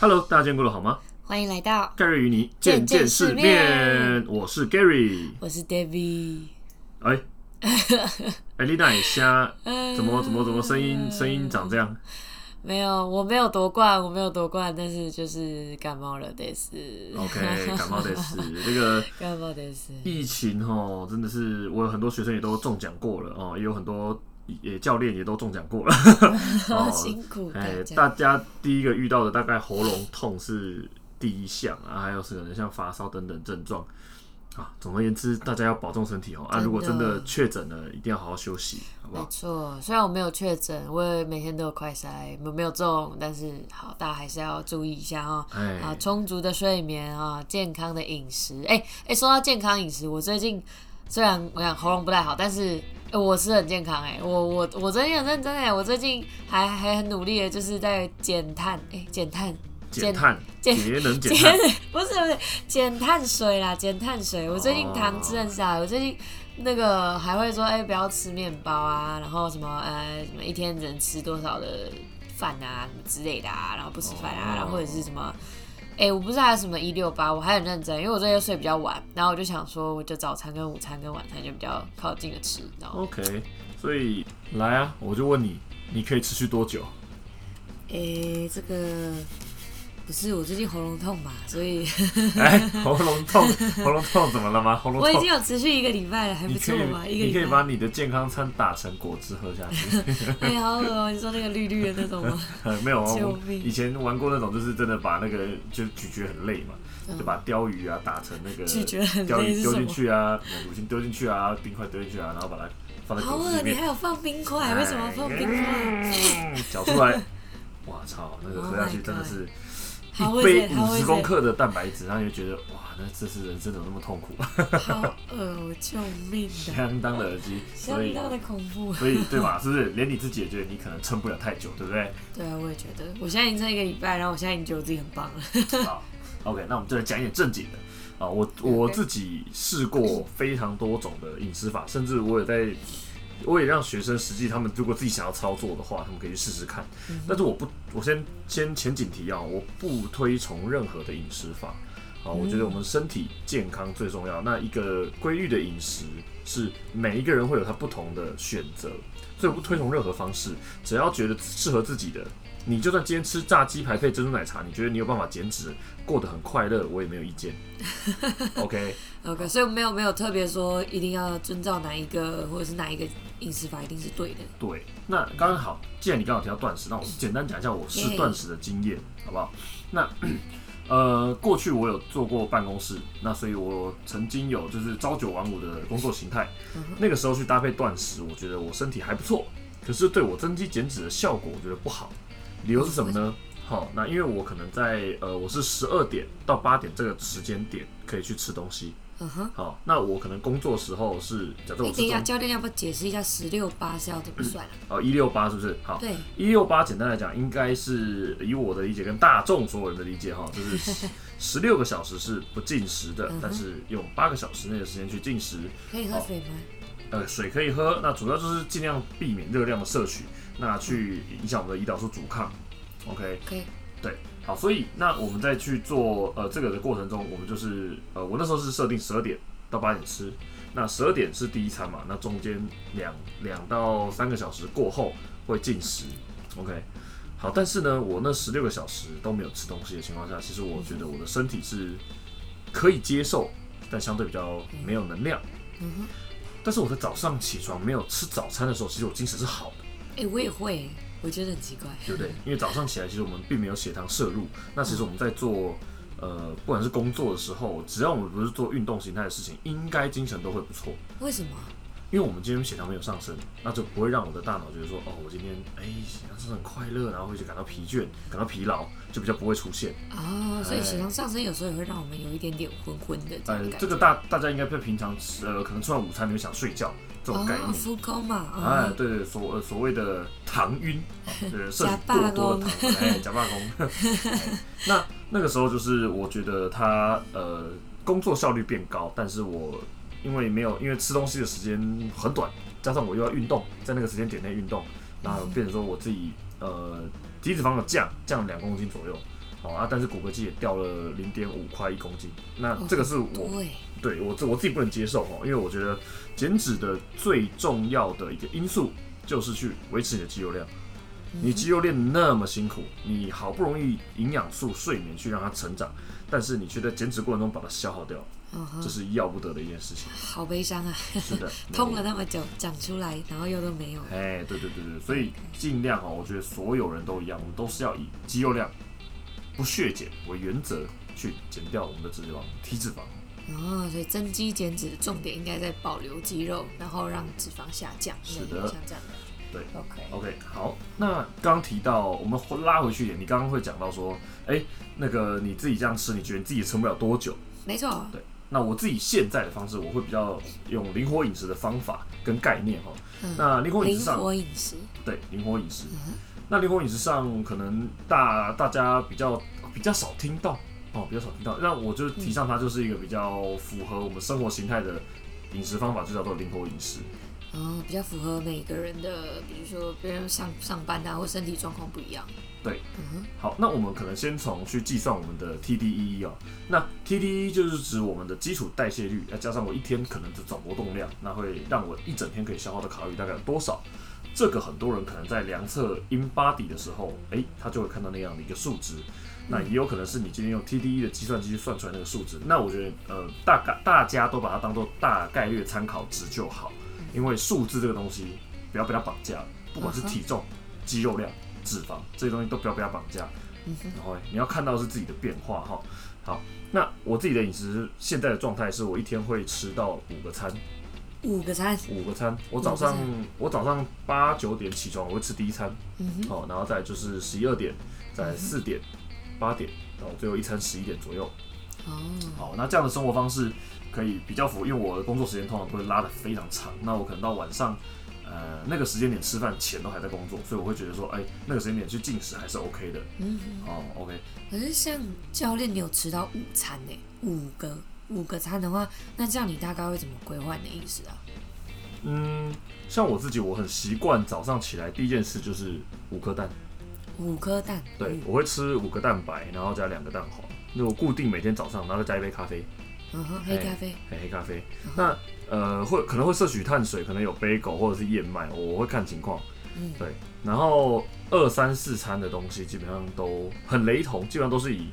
Hello，大家見過了好嗎？歡迎來到蓋瑞與你健健世面。健健世面我是 Gary，我是戴比。哎、欸，哎 、欸，麗娜也瞎，怎麼怎麼怎麼聲音聲音長這樣？ 沒有，我沒有奪冠，我沒有奪冠，但是就是感冒了。得是 OK，感冒得是 那個感冒得疫情哦，真的是我有很多學生也都中獎過了哦，也有很多。也教練也都中獎過了、 哦，好辛苦對大，哎、大家第一個遇到的大概喉嚨痛是第一項啊，還有是可能像發燒等等症狀啊。總而言之，大家要保重身體哦啊！的如果真的確診了，一定要好好休息，好不好？沒錯，雖然我沒有確診，我也每天都有快篩，沒沒有中，但是好，大家還是要注意一下哦。好、哎，充足的睡眠啊，健康的飲食。哎、欸、哎、欸，說到健康飲食，我最近。雖然我講喉嚨不太好，但是我、欸、我是很健康哎、欸，我我我真的很認真哎、欸，我最近還還很努力的，就是在減碳哎，減碳，減、欸、碳，節能減碳減，不是不是減碳水啦，減碳水，我最近糖吃很少，Oh. 我最近那個還會說哎、欸、不要吃麵包啊，然後什麼呃什麼一天只能吃多少的飯啊什麼之類的啊，然後不吃飯啊，Oh. 然後或者是什麼。哎、欸，我不知道還有什麼一六八，我還很認真，因為我這天睡比較晚，然後我就想說，我就早餐跟午餐跟晚餐就比較靠近的吃，然後。OK，所以來啊，我就問你，你可以持續多久？誒、欸，這個。不是我最近喉嚨痛嘛，所以。哎，喉嚨痛，喉嚨痛怎麼了嗎？喉嚨痛。我已經有持續一個禮拜了，還不錯嘛。一個禮拜。你可以把你的健康餐打成果汁喝下去。哎，好噁哦！你說那個綠綠的那種嗎？沒有，我以前玩過那種，就是真的把那個就咀嚼很累嘛，就把鯛魚啊打成那個，咀嚼很累。鯛魚丟進去啊，乳清丟進去啊，冰塊丟進去啊，然後把它放在。好噁！你還有放冰塊？為什麼放冰塊？嚼出來，哇操！那個喝下去真的是。一杯五十公克的蛋白質，然後就覺得哇，那這是人生怎麼那麼痛苦？好餓，我救命！ 相當的耳機，相當的恐怖。所以，所以對嘛，是不是連你自己也覺得你可能撐不了太久，對不對？對啊，我也覺得。我現在已經撐一個禮拜，然後我現在已經覺得自己很棒了。好，OK，那我們就來講一點正經的啊。我 Okay. 我自己試過非常多種的飲食法，甚至我也在。我也讓學生實際，他們如果自己想要操作的話，他們可以去試試看。嗯、哼但是我不，我先先前情提要啊，我不推崇任何的飲食法啊。我覺得我們身體健康最重要。嗯、那一個規律的飲食是每一個人會有他不同的選擇，所以我不推崇任何方式，只要覺得適合自己的。你就算今天吃炸雞排配珍珠奶茶，你覺得你有辦法減脂過得很快樂，我也沒有意見。OK OK，所以我沒有沒有特別說一定要遵照哪一個或者是哪一個飲食法一定是對的。對，那剛好，既然你剛好提到斷食，那我簡單講一下我試斷食的經驗，Yeah. 好不好？那 呃，過去我有坐過辦公室，那所以我曾經有就是朝九晚五的工作形態，那個時候去搭配斷食，我覺得我身體還不錯，可是對我增肌減脂的效果，我覺得不好。理由是什麼呢？好，哦，那因為我可能在呃，我是十二點到八點這個時間點可以去吃東西。嗯哼。好，哦，那我可能工作時候是。假設我，欸，等一下，教練要不要解釋一下十六八是要怎麼算，啊嗯？哦，一六八是不是？好。對。一六八簡單來講，應該是以我的理解跟大眾所有人的理解哈，哦，就是十六個小時是不進食的，嗯，哼但是用八個小時內的時間去進食。可以喝水嗎，哦？呃，水可以喝。那主要就是盡量避免熱量的攝取。那去影響我們的胰島素阻抗，OK，可以，對，好，所以那我們在去做呃這個的過程中，我們就是呃我那時候是設定十二點到八點吃，那十二點是第一餐嘛，那中間兩兩到三個小時過後會進食，OK，好，但是呢，我那十六個小時都沒有吃東西的情況下，其實我覺得我的身體是可以接受，但相對比較沒有能量，嗯哼，但是我在早上起床沒有吃早餐的時候，其實我精神是好的。哎、欸，我也會，我覺得很奇怪，對不對？因為早上起來其實我們並沒有血糖攝入， 那其實我們在做，呃，不管是工作的時候，只要我們不是做運動形態的事情，應該精神都會不錯。為什麼？因為我們今天血糖沒有上升，那就不會讓我的大腦覺得說，哦，我今天哎，欸、血糖是很快樂，然後會去感到疲倦、感到疲勞，就比較不會出現啊、哦。所以血糖上升有時候也會讓我們有一點點昏昏的，的感覺、呃。這個大大家應該平常呃，可能吃完午餐沒有想睡覺這種感覺，復工、哦、嘛，哦、啊，對對，所、呃、所謂的糖暈，呃呵，攝入過多，多的糖，哎呵，假罷工。 那那個時候就是我覺得他呃，工作效率變高，但是我。因為沒有，因為吃東西的時間很短，加上我又要運動，在那個時間點內運動，然後變成說我自己呃體脂肪的降降兩公斤左右，好、哦、啊，但是骨骼肌也掉了零點五塊一公斤，那這個是我對我自我自己不能接受哦，因為我覺得減脂的最重要的一個因素就是去維持你的肌肉量，你肌肉練那麼辛苦，你好不容易營養素、睡眠去讓它成長，但是你卻在減脂過程中把它消耗掉。這、uh huh. 是要不得的一件事情，好悲傷啊！是的， 痛了那麼久，長出來，然後又都沒有。哎，對對對對，所以儘量啊、哦。Okay. 我覺得所有人都一樣，我們都是要以肌肉量不削減為原則去減掉我們的脂肪，體脂肪。哦、uh，huh, 所以增肌減脂的重點應該在保留肌肉，然後讓脂肪下降。下降，是的，下降。對。OK OK，好。那剛剛提到，我們拉回去一點，你剛剛會講到說，哎、欸，那個你自己這樣吃，你覺得你自己撐不了多久？沒錯錯。對。那我自己現在的方式，我會比較用靈活飲食的方法跟概念哈。嗯、那靈活飲食上，對靈活飲食，嗯哼，那靈活飲食上可能大大家比較比較少聽到哦，比較少聽到。那我就提倡它就是一個比較符合我們生活形態的飲食方法，就叫做靈活飲食。嗯，比較符合每個人的，比如說別人上上班啊，或身體狀況不一樣。對，好，那我們可能先從去計算我們的 TDEE 哦，那 TDEE 就是指我們的基礎代謝率，再加上我一天可能的總活動量，那會讓我一整天可以消耗的卡路里大概有多少？這個很多人可能在量測 InBody 的時候，哎，他就會看到那樣的一個數值，那也有可能是你今天用 TDEE 的計算機去算出來那個數值。那我覺得，呃，大概大，大家都把它當做大概率參考值就好，因為數字這個東西，不要被它綁架，不管是體重、肌肉量。脂肪這些東西都不要被它綁架，嗯、哼然後你要看到是自己的變化哈。好，那我自己的飲食現在的狀態是我一天會吃到五個餐，五個餐，五個餐。我早上，我早上八九點起床，我會吃第一餐，嗯好哼、嗯哼，然後再就是十二點，在四點、八點，到最後一餐十一點左右。哦，好，那這樣的生活方式可以比較符，因為我的工作時間通常會拉得非常長，那我可能到晚上。呃，那個時間點吃飯前都還在工作，所以我會覺得說，哎、欸，那個時間點去進食還是 OK 的。嗯哼，哦，OK。可是像教練，你有吃到五餐呢、欸？五個五個餐的話，那這樣你大概會怎麼規劃你的飲食啊？嗯，像我自己，我很習慣早上起來第一件事就是五顆蛋。五顆蛋。對，嗯、我會吃五個蛋白，然後加兩個蛋黃。那我固定每天早上，然後再加一杯咖啡。嗯哼、uh，huh, 欸、黑咖啡。哎，黑、黑咖啡。Uh huh. 那。呃，會可能會攝取碳水，可能有 bagel 或者是燕麥，我會看情況。嗯，對。然後二三四餐的東西基本上都很雷同，基本上都是以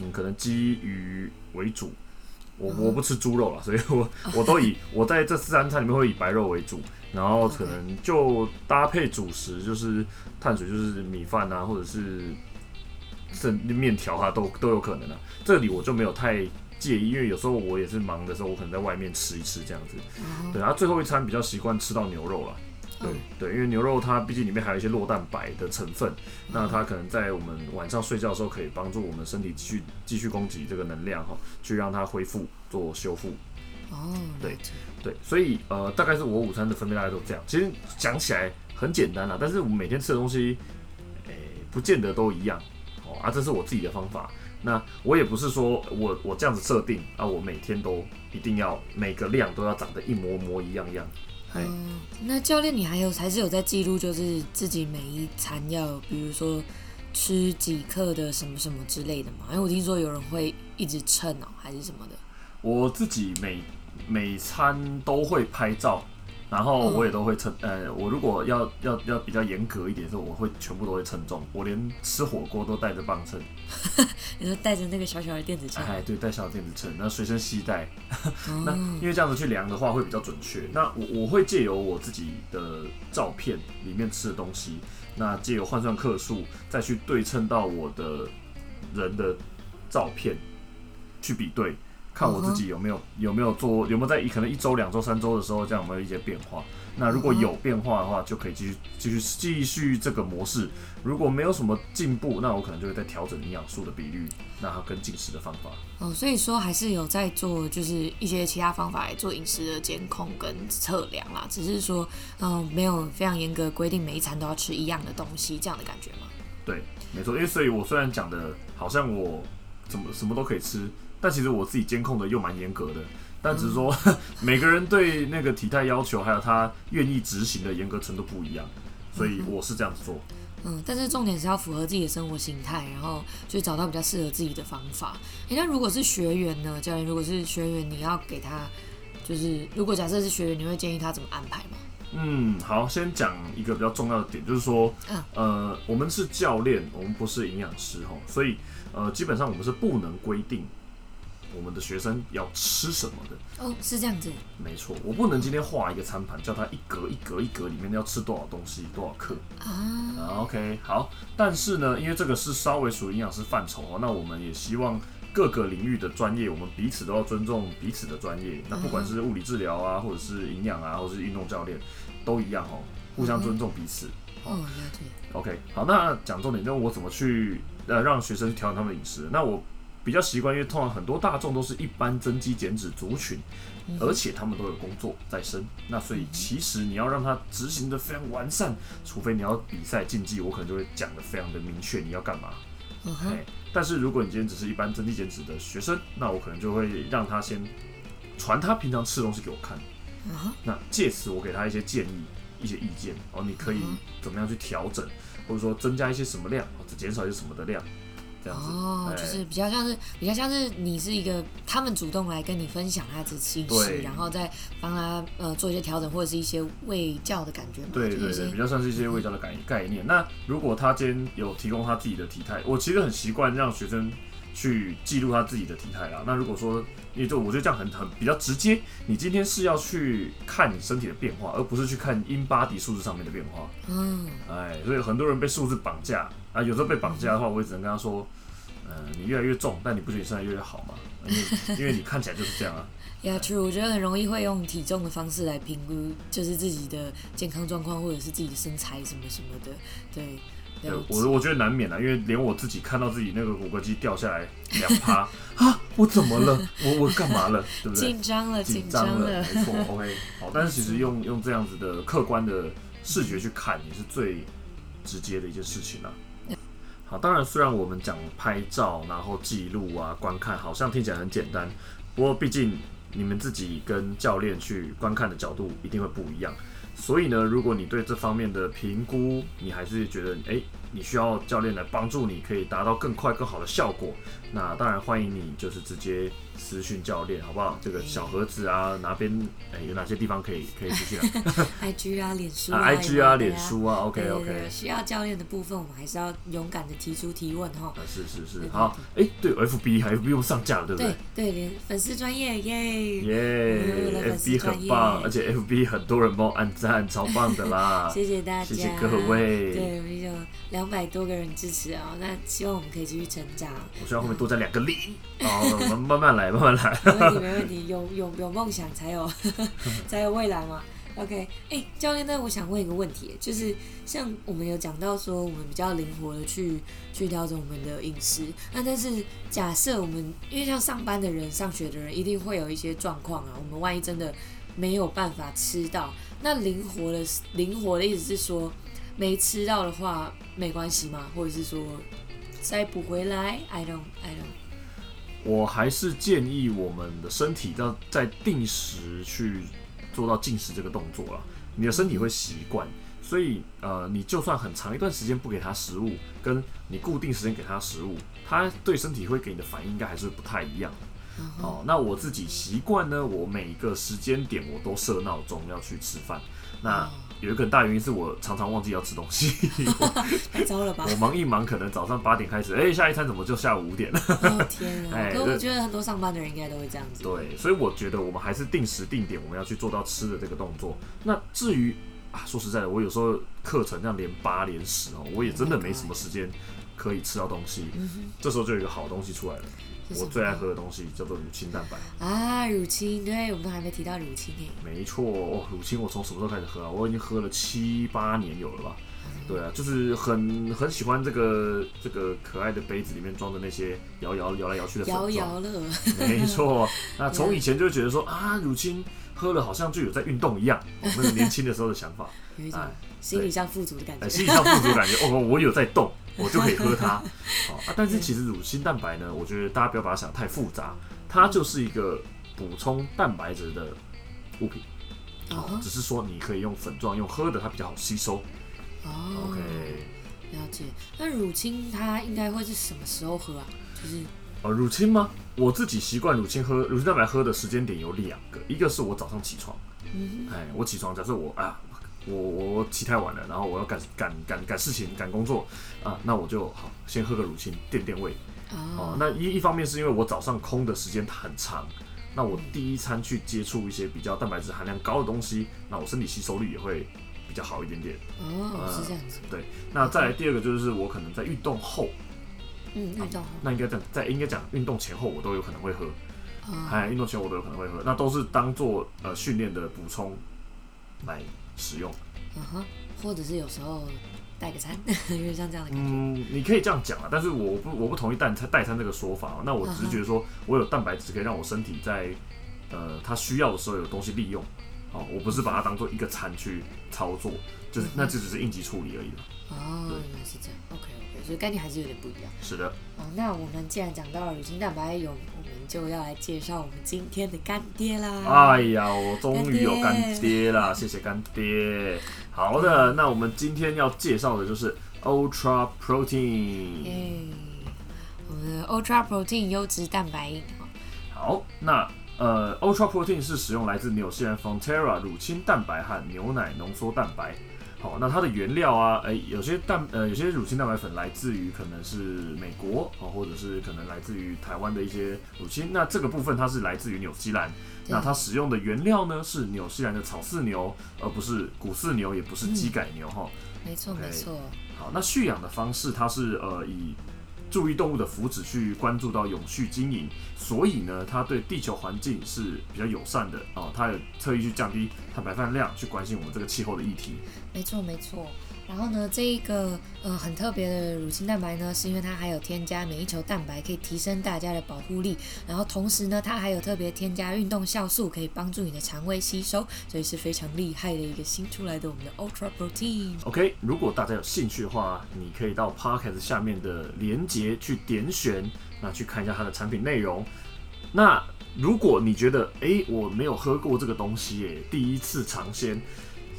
嗯可能雞魚為主。我我不吃豬肉了，所以我我都以我在這四三餐裡面會以白肉為主，然後可能就搭配主食，就是碳水，就是米飯啊，或者是這麵條啊，都都有可能的、啊。這裡我就沒有太。介意，因為有時候我也是忙的時候，我可能在外面吃一吃這樣子。對，然、啊、後最後一餐比較習慣吃到牛肉了。對對，因為牛肉它畢竟裡面還有一些酪蛋白的成分，那它可能在我們晚上睡覺的時候，可以幫助我們身體繼續繼續供給這個能量哈，去讓它恢復做修復。哦，對對，所以呃，大概是我午餐的分配，大概都這樣。其實講起來很簡單啦，但是我們每天吃的東西，誒、欸，不見得都一樣。哦，啊，這是我自己的方法。那我也不是說我我這樣子設定啊，我每天都一定要每個量都要長得一模模一樣樣。嗯、嘿那教練你還有還是有在記錄，就是自己每一餐要，比如說吃幾克的什麼什麼之類的嗎？因為我聽說有人會一直稱哦、喔，還是什麼的。我自己每每餐都會拍照。然後我也都會稱，呃，我如果要要要比較嚴格一點的時候，我會全部都會稱重，我連吃火鍋都帶着磅秤。 你是帶着那個小小的電子秤？哎，對，帶小小的電子秤，那隨身攜帶， 那因為這樣子去量的話會比較準確。那我我會借由我自己的照片裡面吃的東西，那借由換算克數，再去對稱到我的人的照片去比對。看我自己有沒有有沒有做，有沒有在一可能一周兩周三周的時候，這樣有沒有一些變化？那如果有變化的話，就可以繼續繼續繼續這個模式。如果沒有什麼進步，那我可能就會再調整營養素的比率，那跟進食的方法。哦，所以說還是有在做，就是一些其他方法來做飲食的監控跟測量啦。只是說，嗯、呃，沒有非常嚴格規定每一餐都要吃一樣的東西這樣的感覺嘛？對，沒錯。因為，所以我雖然講的，好像我怎麼什麼都可以吃。但其實我自己監控的又蠻嚴格的，但只是說、嗯、每個人對那個體態要求，還有他願意執行的嚴格程度不一樣，所以我是這樣子做。嗯，但是重點是要符合自己的生活形態，然後去找到比較適合自己的方法。人、欸、家如果是學員呢？教練，如果是學員，你要給他就是，如果假設是學員，你會建議他怎麼安排嗎？嗯，好，先講一個比較重要的點，就是說，啊、呃，我們是教練，我們不是營養師哦，所以呃，基本上我們是不能規定。我們的學生要吃什麼的？哦，是這樣子。沒錯，我不能今天畫一個餐盤，哦、叫他一格一格一格裡面要吃多少東西多少克啊。啊、OK，好。但是呢，因為這個是稍微屬於營養師範疇哦，那我們也希望各個領域的專業，我們彼此都要尊重彼此的專業。那不管是物理治療啊、哦、啊，或者是營養啊，或者是運動教練，都一樣哦，互相尊重彼此。哦，了解好。哦、OK，好，那講重點，那我怎麼去呃讓學生去調整他們的飲食？那我。比較習慣，因為通常很多大眾都是一般增肌減脂族群，而且他們都有工作在身，那所以其實你要讓他執行的非常完善，除非你要比賽競技，我可能就會講的非常的明確，你要幹嘛、嗯哼欸。但是如果你今天只是一般增肌減脂的學生，那我可能就會讓他先傳他平常吃東西給我看，那借此我給他一些建議、一些意見哦，然後你可以怎麼樣去調整，或者說增加一些什麼量，或者減少一些什麼的量。哦，就是比較像是比較像是你是一個他們主動來跟你分享他自己信息，對然後再幫他呃做一些調整，或者是一些衛教的感覺嘛。對對對，比較像是一些衛教的感概念。嗯、那如果他今天有提供他自己的體態，我其實很習慣讓學生去記錄他自己的體態啦。那如果說也就我覺得這樣很很比較直接，你今天是要去看你身體的變化，而不是去看 InBody 數字上面的變化。嗯，哎，所以很多人被數字綁架啊，有時候被綁架的話，我也只能跟他說。嗯呃，你越來越重，但你不覺得你身材越來越好嗎？因為你看起來就是這樣啊。 Yeah，True。我覺得很容易會用體重的方式來評估，就是自己的健康狀況或者是自己的身材什麼什麼的。對。對，對我我覺得難免啊，因為連我自己看到自己那個骨骼肌掉下來兩趴啊，我怎麼了？我我幹嘛了？對不對？緊張 了，緊張了。了沒錯，OK。好，但是其實用用這樣子的客觀的視覺去看，也是最直接的一件事情了，啊。好，當然，雖然我們講拍照，然後記錄啊，觀看，好像聽起來很簡單，不過畢竟你們自己跟教練去觀看的角度一定會不一樣，所以呢，如果你對這方面的評估，你還是覺得，哎、欸。你需要教練來幫助你，可以達到更快更好的效果。那當然歡迎你，就是直接私訊教練，好不好？Okay. 這個小盒子啊，哪邊哎、欸、有哪些地方可以可以私訊啊 IG 啊，臉書啊，IG 啊，臉書啊。OK OK，對對對需要教練的部分，我們還是要勇敢的提出提問哈。是是是，好。哎、欸，對，FB 還不用上架了，對不對？對對，粉絲專頁，耶耶 Yeah,，FB 很棒，而且 FB 很多人幫我按讚，超棒的啦。 謝謝大家，謝謝各位。對比較。兩百多個人支持啊、喔，那希望我們可以繼續成長。我希望後面多加兩個零，好、嗯，我們、哦、慢，慢， 慢慢來，慢慢來。沒問題，沒問題，有有有夢想才有 才有未來嘛。OK，哎、欸，教練呢？那我想問一個問題，就是像我們有講到說，我們比較靈活的去去調整我們的飲食。那但是假設我們因為像上班的人、上學的人，一定會有一些狀況啊。我們萬一真的沒有辦法吃到，那靈活的靈活的意思是說。沒吃到的話沒關係嗎？或者是說再補回來？I don't, I don't。我還是建議我們的身體要在定時去做到進食這個動作了，你的身體會習慣。所以呃，你就算很長一段時間不給他食物，跟你固定時間給他食物，他對身體會給你的反應應該還是不太一樣的。Uh huh. 哦，那我自己習慣呢，我每一個時間點我都設鬧鐘要去吃飯。那、uh huh. 有一個大原因是我常常忘記要吃東西，太 我 糟了吧？我忙一忙，可能早上八點開始，哎、欸，下一餐怎麼就下午五點了？哦、天啊！哎、 欸，我覺得很多上班的人應該都會這樣子。對，所以我覺得我們還是定時定點，我們要去做到吃的這個動作。那至於、啊、說實在的，我有時候課程這樣連八連十哦、喔，我也真的沒什麼時間。可以吃到東西，嗯、哼這時候就有一個好東西出來了。我最愛喝的東西叫做乳清蛋白啊，乳清，對，我們都還沒提到乳清耶。沒錯，哦，乳清我從什麼時候開始喝啊？我已經喝了七八年有了吧？嗯、對啊，就是很很喜歡這個這個可愛的杯子裡面裝的那些搖搖搖，搖，搖來搖去的搖搖樂 沒錯。那從以前就覺得說啊，乳清喝了好像就有在運動一樣，我、哦、們、那個、年輕的時候的想法， 啊，有一種心理上富足的感覺，心理上富足的感覺，哦，我有在動。 我就可以喝它，好、哦啊，但是其實乳清蛋白呢， 我覺得大家不要把它想得太複雜，它就是一個補充蛋白質的物品，哦，哦只是說你可以用粉狀用喝的，它比較好吸收，哦，OK，了解。那乳清它應該會是什麼時候喝啊？就是，啊、乳清嗎？我自己習慣乳清喝，乳清蛋白喝的時間點有兩個，一個是我早上起床，嗯、哼哎，我起床，假設我啊。我我起太晚了，然後我要趕趕趕趕，趕事情趕工作啊、呃，那我就好先喝個乳清墊墊胃哦。那一一方面是因為我早上空的時間很長，那我第一餐去接觸一些比較蛋白質含量高的東西，那我身體吸收率也會比較好一點點哦，oh, 呃、是這樣子。對，那再來第二個就是我可能在運動後，oh. 嗯，運動後，呃、那應該講在應該講運動前後我都有可能會喝，還、oh. 嗯、運動前後我，都有我都有可能會喝，那都是當做呃訓練的補充來。使用，嗯哼、uh，huh, 或者是有時候帶個餐，因 為像這樣的嗯，你可以這樣講啊，但是我不我不同意代餐代餐這個說法哦、啊。那我只是覺得說我有蛋白質可以讓我身體在呃它需要的時候有東西利用，啊、我不是把它當做一個餐去操作，就是、uh huh. 那就只是應急處理而已了。哦，原來是這樣，OK OK，所以概念還是有點不一樣。是的。哦，uh, 那我們既然講到了乳清蛋白有。就要來介紹我們今天的乾爹啦！哎呀，我終於有乾爹啦，乾爹，謝謝乾爹。好的，對那我們今天要介紹的就是 Ultra Protein。我們的 Ultra Protein 優質蛋白飲。好，那呃，Ultra Protein 是使用來自紐西蘭 Fontera 乳清蛋白和牛奶濃縮蛋白。好，那它的原料啊，哎、欸，有些蛋，呃，有些乳清蛋白粉來自於可能是美國，啊，或者是可能來自於台灣的一些乳清。那這個部分它是來自於紐西蘭，對那它使用的原料呢是紐西蘭的草飼牛，而不是穀飼牛，也不是基改牛，哈、嗯。齁沒錯錯，沒錯。好，那蓄養的方式它是呃以。注意動物的福祉，去關注到永續經營，所以呢，它對地球環境是比較友善的哦。它、啊、有特意去降低碳排放量，去關心我們這個氣候的議題。沒錯，沒錯。然後呢，這一個呃很特別的乳清蛋白呢，是因為它還有添加免疫球蛋白，可以提升大家的保護力。然後同時呢，它還有特別添加運動酵素，可以幫助你的腸胃吸收，所以是非常厲害的一個新出來的我們的 Ultra Protein。OK，如果大家有興趣的話，你可以到 Podcast 下面的連結去點選，那去看一下它的產品內容。那如果你覺得，哎，我沒有喝過這個東西耶，第一次嘗鮮，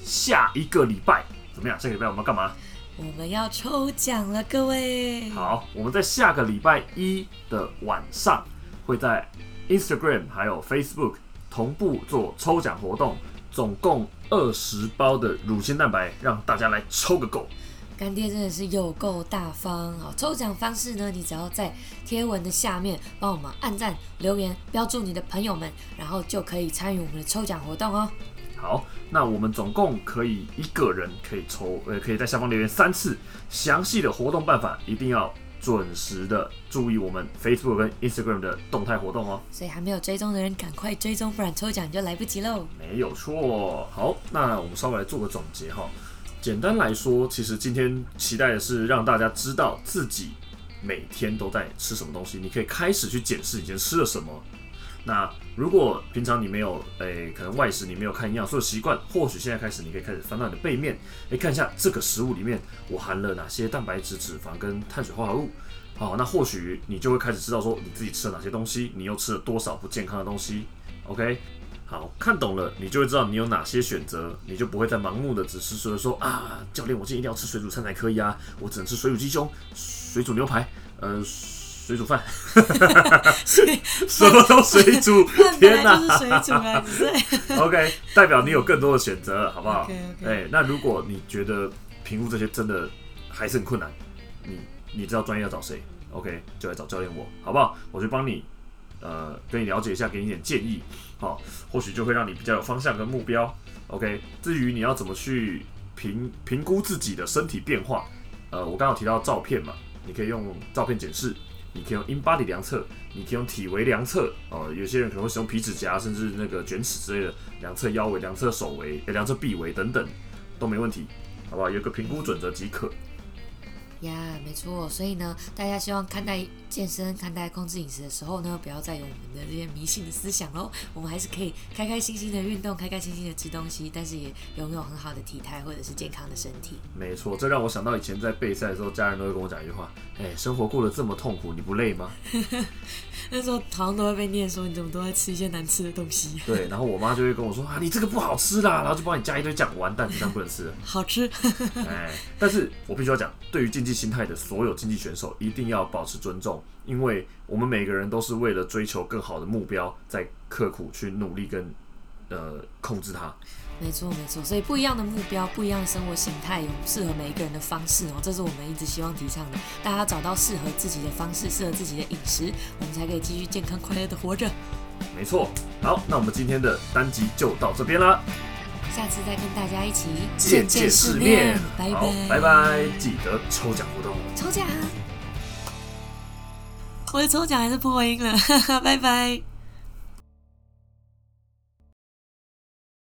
下一個禮拜。怎麼樣？這個禮拜我們要幹嘛？我們要抽獎了，各位。好，我們在下個禮拜一的晚上會在 Instagram 還有 Facebook 同步做抽獎活動，總共二十包的乳清蛋白，讓大家來抽個夠。乾爹真的是有夠大方啊！好，抽獎方式呢？你只要在貼文的下面幫我們按讚、留言、標注你的朋友們，然後就可以參與我們的抽獎活動哦。好，那我們總共可以一個人可以抽，呃，可以在下方留言三次。詳細的活動辦法一定要準時的注意我們 Facebook 跟 Instagram 的動態活動哦。所以還沒有追蹤的人趕快追蹤，不然抽獎你就來不及嘍。沒有錯。好，那我們稍微來做個總結哈、哦。簡單來說，其實今天期待的是讓大家知道自己每天都在吃什麼東西，你可以開始去檢視以前吃了什麼。那如果平常你沒有誒、欸，可能外食你沒有看營養素的習慣，或許現在開始你可以開始翻到你的背面，哎、欸，看一下這個食物裡面我含了哪些蛋白質、脂肪跟碳水化合物，好，那或許你就會開始知道說你自己吃了哪些東西，你又吃了多少不健康的東西。OK，好，看懂了，你就會知道你有哪些選擇，你就不會再盲目的只是說說啊，教練，我今天一定要吃水煮餐才可以啊，我只能吃水煮雞胸、水煮牛排，嗯、呃。水煮飯，哈哈哈水，什麼都水煮， 那天哪、啊！哈哈 OK，代表你有更多的選擇，好不好？哎 Okay, okay.、欸，那如果你覺得評估這些真的還是很困難，你你知道專業要找誰？OK，就來找教練我，好不好？我去幫你，呃，跟你了解一下，給你一點建議，好，或許就會讓你比較有方向跟目標。OK，至於你要怎麼去評評估自己的身體變化，呃，我剛好提到的照片嘛，你可以用照片檢視。你可以用 InBody 量測，你可以用體圍量測，哦、呃，有些人可能會使用皮脂夾，甚至那個捲尺之類的量測腰圍、量測手圍、呃、量測臂圍等等，都沒問題，好吧，有個評估準則即可。呀，yeah, 沒錯，所以呢，大家希望看待健身、看待控制飲食的時候呢，不要再有我們的這些迷信的思想咯。我們還是可以開開心心的運動，開開心心的吃東西，但是也擁有很好的體態或者是健康的身體。沒錯，這讓我想到以前在備賽的時候，家人都會跟我講一句話：“哎、欸，生活過得這麼痛苦，你不累嗎？” 那時候糖都會被念說：“你怎麼都在吃一些難吃的東西？” 對，然後我媽就會跟我說：“啊，你這個不好吃啦！”然後就幫你加一堆醬，完蛋，你這樣不能吃 好吃。哎、 欸，但是我必須要講，對於健。心態的所有競技選手一定要保持尊重，因為我們每個人都是為了追求更好的目標，在刻苦去努力跟呃控制它。沒錯，沒錯，所以不一樣的目標，不一樣的生活形態，有適合每一個人的方式哦，這是我們一直希望提倡的。大家找到適合自己的方式，適合自己的飲食，我們才可以繼續健康快樂的活着。沒錯，好，那我們今天的單集就到這邊了。下次再跟大家一起見見世面，拜拜拜，好拜拜，記得抽獎活動，抽獎獎，我的抽獎還是破音了，哈哈，拜拜。